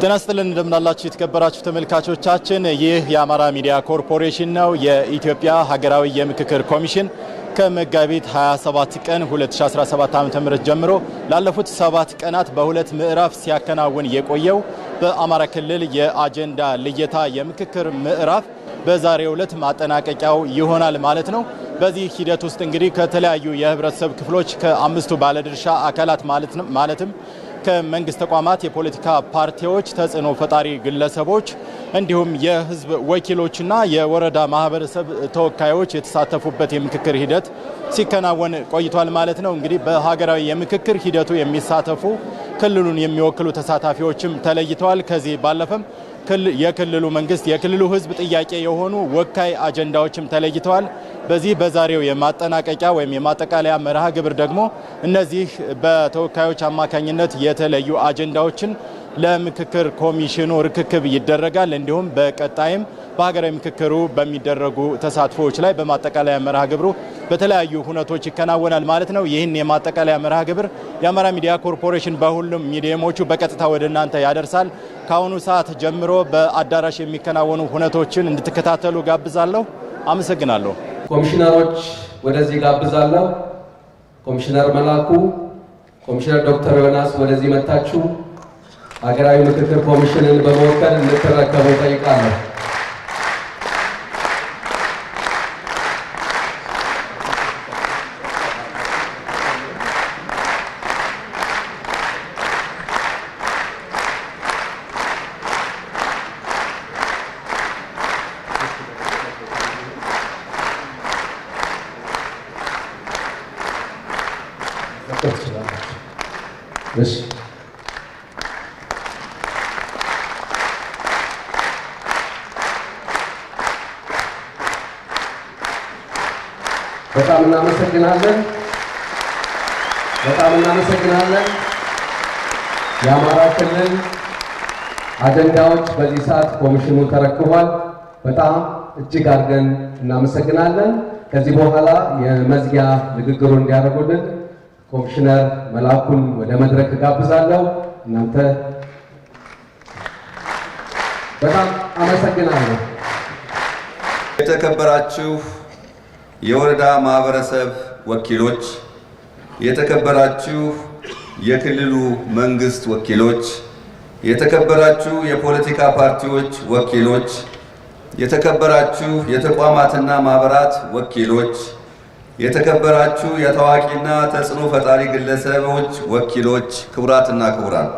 ጤና ይስጥልን እንደምናላችሁ የተከበራችሁ ተመልካቾቻችን፣ ይህ የአማራ ሚዲያ ኮርፖሬሽን ነው። የኢትዮጵያ ሀገራዊ የምክክር ኮሚሽን ከመጋቢት 27 ቀን 2017 ዓ.ም ጀምሮ ላለፉት ሰባት ቀናት በሁለት ምዕራፍ ሲያከናውን የቆየው በአማራ ክልል የአጀንዳ ልየታ የምክክር ምዕራፍ በዛሬው ዕለት ማጠናቀቂያው ይሆናል ማለት ነው። በዚህ ሂደት ውስጥ እንግዲህ ከተለያዩ የህብረተሰብ ክፍሎች ከአምስቱ ባለድርሻ አካላት ማለትም ከመንግስት ተቋማት፣ የፖለቲካ ፓርቲዎች፣ ተጽዕኖ ፈጣሪ ግለሰቦች እንዲሁም የህዝብ ወኪሎችና የወረዳ ማህበረሰብ ተወካዮች የተሳተፉበት የምክክር ሂደት ሲከናወን ቆይቷል ማለት ነው። እንግዲህ በሀገራዊ የምክክር ሂደቱ የሚሳተፉ ክልሉን የሚወክሉ ተሳታፊዎችም ተለይተዋል። ከዚህ ባለፈም የክልሉ መንግስት የክልሉ ህዝብ ጥያቄ የሆኑ ወካይ አጀንዳዎችም ተለይተዋል። በዚህ በዛሬው የማጠናቀቂያ ወይም የማጠቃለያ መርሃ ግብር ደግሞ እነዚህ በተወካዮች አማካኝነት የተለዩ አጀንዳዎችን ለምክክር ኮሚሽኑ ርክክብ ይደረጋል። እንዲሁም በቀጣይም በሀገራዊ ምክክሩ በሚደረጉ ተሳትፎዎች ላይ በማጠቃለያ መርሃ ግብሩ በተለያዩ ሁነቶች ይከናወናል ማለት ነው። ይህን የማጠቃለያ መርሃ ግብር የአማራ ሚዲያ ኮርፖሬሽን በሁሉም ሚዲየሞቹ በቀጥታ ወደ እናንተ ያደርሳል። ከአሁኑ ሰዓት ጀምሮ በአዳራሽ የሚከናወኑ ሁነቶችን እንድትከታተሉ ጋብዛለሁ። አመሰግናለሁ። ኮሚሽነሮች ወደዚህ ጋብዛለሁ። ኮሚሽነር መላኩ፣ ኮሚሽነር ዶክተር ዮናስ ወደዚህ መታችሁ ሀገራዊ ምክክር ኮሚሽንን በመወከል እንድትረከቡ ጠይቃለሁ። እሺ በጣም እናመሰግናለን። በጣም እናመሰግናለን። የአማራ ክልል አጀንዳዎች በዚህ ሰዓት ኮሚሽኑ ተረክቧል። በጣም እጅግ አድርገን እናመሰግናለን። ከዚህ በኋላ የመዝጊያ ንግግሩ እንዲያደርጉልን ኮሚሽነር መላኩን ወደ መድረክ እጋብዛለሁ እናንተ በጣም አመሰግናለሁ። የተከበራችሁ የወረዳ ማህበረሰብ ወኪሎች፣ የተከበራችሁ የክልሉ መንግስት ወኪሎች፣ የተከበራችሁ የፖለቲካ ፓርቲዎች ወኪሎች፣ የተከበራችሁ የተቋማትና ማህበራት ወኪሎች፣ የተከበራችሁ የታዋቂና ተጽዕኖ ፈጣሪ ግለሰቦች ወኪሎች፣ ክቡራትና ክቡራን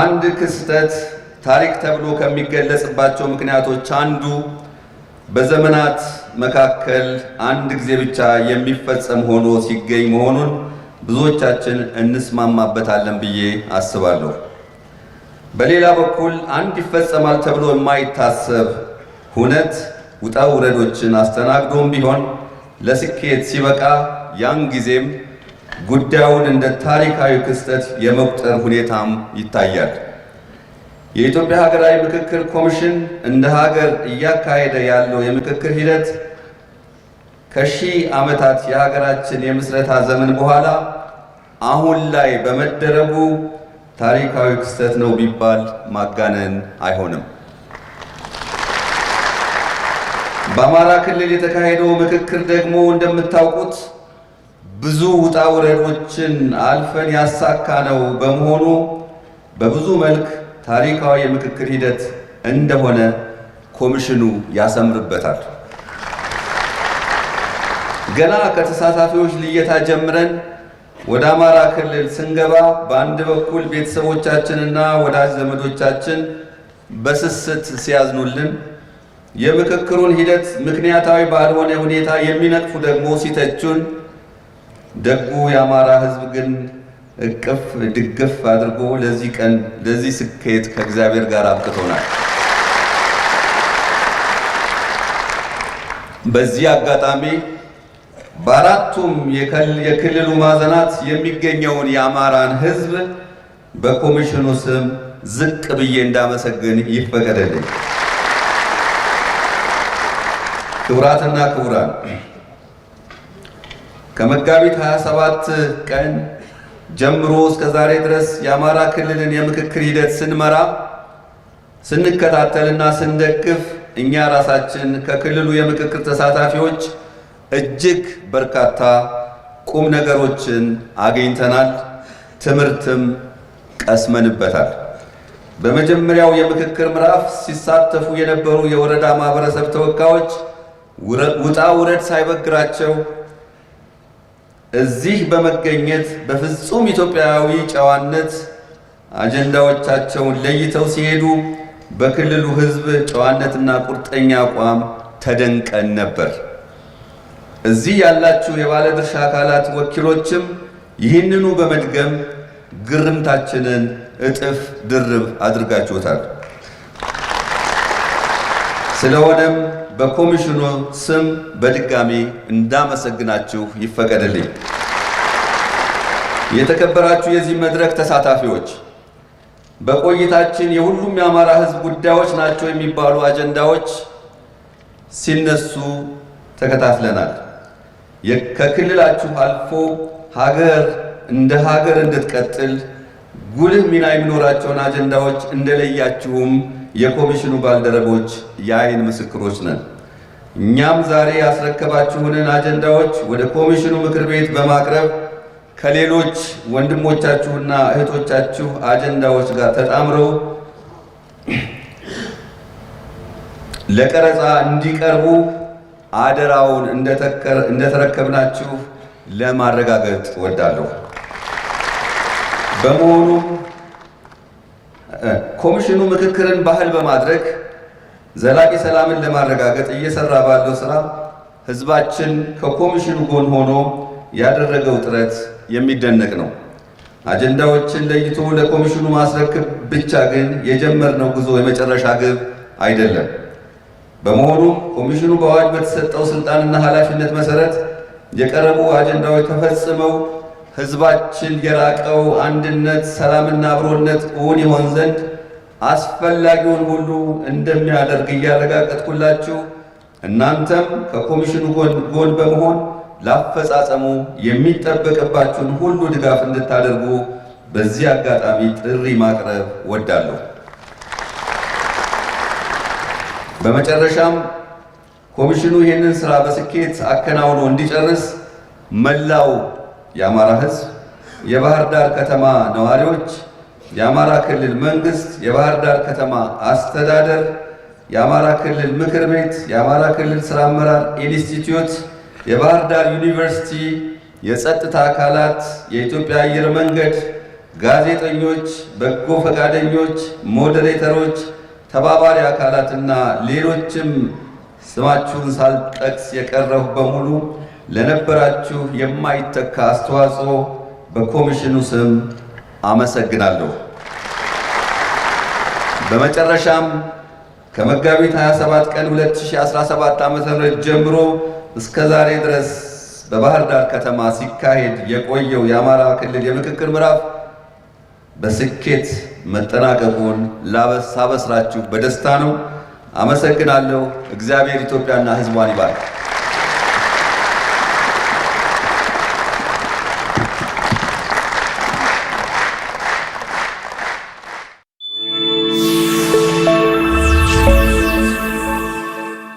አንድ ክስተት ታሪክ ተብሎ ከሚገለጽባቸው ምክንያቶች አንዱ በዘመናት መካከል አንድ ጊዜ ብቻ የሚፈጸም ሆኖ ሲገኝ መሆኑን ብዙዎቻችን እንስማማበታለን ብዬ አስባለሁ። በሌላ በኩል አንድ ይፈጸማል ተብሎ የማይታሰብ ሁነት ውጣ ውረዶችን አስተናግዶም ቢሆን ለስኬት ሲበቃ ያን ጊዜም ጉዳዩን እንደ ታሪካዊ ክስተት የመቁጠር ሁኔታም ይታያል። የኢትዮጵያ ሀገራዊ ምክክር ኮሚሽን እንደ ሀገር እያካሄደ ያለው የምክክር ሂደት ከሺህ ዓመታት የሀገራችን የምስረታ ዘመን በኋላ አሁን ላይ በመደረጉ ታሪካዊ ክስተት ነው ቢባል ማጋነን አይሆንም። በአማራ ክልል የተካሄደው ምክክር ደግሞ እንደምታውቁት ብዙ ውጣ ውረዶችን አልፈን ያሳካ ነው በመሆኑ በብዙ መልክ ታሪካዊ የምክክር ሂደት እንደሆነ ኮሚሽኑ ያሰምርበታል። ገና ከተሳታፊዎች ልየታ ጀምረን ወደ አማራ ክልል ስንገባ በአንድ በኩል ቤተሰቦቻችንና ወዳጅ ዘመዶቻችን በስስት ሲያዝኑልን፣ የምክክሩን ሂደት ምክንያታዊ ባልሆነ ሁኔታ የሚነቅፉ ደግሞ ሲተቹን፣ ደጉ የአማራ ሕዝብ ግን እቅፍ ድግፍ አድርጎ ለዚህ ቀን ለዚህ ስኬት ከእግዚአብሔር ጋር አብቅቶናል። በዚህ አጋጣሚ በአራቱም የክልሉ ማዕዘናት የሚገኘውን የአማራን ሕዝብ በኮሚሽኑ ስም ዝቅ ብዬ እንዳመሰግን ይፈቀደልኝ። ክቡራትና ክቡራን ከመጋቢት 27 ቀን ጀምሮ እስከ ዛሬ ድረስ የአማራ ክልልን የምክክር ሂደት ስንመራ ስንከታተልና ስንደግፍ እኛ ራሳችን ከክልሉ የምክክር ተሳታፊዎች እጅግ በርካታ ቁም ነገሮችን አግኝተናል፣ ትምህርትም ቀስመንበታል። በመጀመሪያው የምክክር ምዕራፍ ሲሳተፉ የነበሩ የወረዳ ማህበረሰብ ተወካዮች ውጣ ውረድ ሳይበግራቸው እዚህ በመገኘት በፍጹም ኢትዮጵያዊ ጨዋነት አጀንዳዎቻቸውን ለይተው ሲሄዱ በክልሉ ሕዝብ ጨዋነትና ቁርጠኛ አቋም ተደንቀን ነበር። እዚህ ያላችሁ የባለድርሻ አካላት ወኪሎችም ይህንኑ በመድገም ግርምታችንን እጥፍ ድርብ አድርጋችሁታል። ስለሆነም በኮሚሽኑ ስም በድጋሚ እንዳመሰግናችሁ ይፈቀድልኝ። የተከበራችሁ የዚህ መድረክ ተሳታፊዎች በቆይታችን የሁሉም የአማራ ሕዝብ ጉዳዮች ናቸው የሚባሉ አጀንዳዎች ሲነሱ ተከታትለናል። ከክልላችሁ አልፎ ሀገር እንደ ሀገር እንድትቀጥል ጉልህ ሚና የሚኖራቸውን አጀንዳዎች እንደለያችሁም የኮሚሽኑ ባልደረቦች የአይን ምስክሮች ነን። እኛም ዛሬ ያስረከባችሁንን አጀንዳዎች ወደ ኮሚሽኑ ምክር ቤት በማቅረብ ከሌሎች ወንድሞቻችሁና እህቶቻችሁ አጀንዳዎች ጋር ተጣምረው ለቀረጻ እንዲቀርቡ አደራውን እንደተረከብናችሁ ለማረጋገጥ ወዳለሁ። በመሆኑ ኮሚሽኑ ምክክርን ባህል በማድረግ ዘላቂ ሰላምን ለማረጋገጥ እየሰራ ባለው ስራ ህዝባችን ከኮሚሽኑ ጎን ሆኖ ያደረገው ጥረት የሚደነቅ ነው። አጀንዳዎችን ለይቶ ለኮሚሽኑ ማስረክብ ብቻ ግን የጀመርነው ጉዞ የመጨረሻ ግብ አይደለም። በመሆኑም ኮሚሽኑ በአዋጅ በተሰጠው ስልጣንና ኃላፊነት መሰረት የቀረቡ አጀንዳዎች ተፈጽመው ህዝባችን የራቀው አንድነት፣ ሰላምና አብሮነት እውን ይሆን ዘንድ አስፈላጊውን ሁሉ እንደሚያደርግ እያረጋገጥኩላችሁ እናንተም ከኮሚሽኑ ጎን በመሆን ላፈጻጸሙ የሚጠበቅባችሁን ሁሉ ድጋፍ እንድታደርጉ በዚህ አጋጣሚ ጥሪ ማቅረብ ወዳለሁ። በመጨረሻም ኮሚሽኑ ይህንን ስራ በስኬት አከናውኖ እንዲጨርስ መላው የአማራ ህዝብ፣ የባህር ዳር ከተማ ነዋሪዎች፣ የአማራ ክልል መንግስት፣ የባህር ዳር ከተማ አስተዳደር፣ የአማራ ክልል ምክር ቤት፣ የአማራ ክልል ስራ አመራር ኢንስቲትዩት፣ የባህር ዳር ዩኒቨርሲቲ፣ የጸጥታ አካላት፣ የኢትዮጵያ አየር መንገድ፣ ጋዜጠኞች፣ በጎ ፈቃደኞች፣ ሞዴሬተሮች፣ ተባባሪ አካላትና ሌሎችም ስማችሁን ሳልጠቅስ የቀረሁ በሙሉ ለነበራችሁ የማይተካ አስተዋጽኦ በኮሚሽኑ ስም አመሰግናለሁ። በመጨረሻም ከመጋቢት 27 ቀን 2017 ም ጀምሮ እስከ ዛሬ ድረስ በባህር ዳር ከተማ ሲካሄድ የቆየው የአማራ ክልል የምክክር ምዕራፍ በስኬት መጠናቀቁን ሳበስራችሁ በደስታ ነው። አመሰግናለሁ። እግዚአብሔር ኢትዮጵያና ሕዝቧን ይባርክ።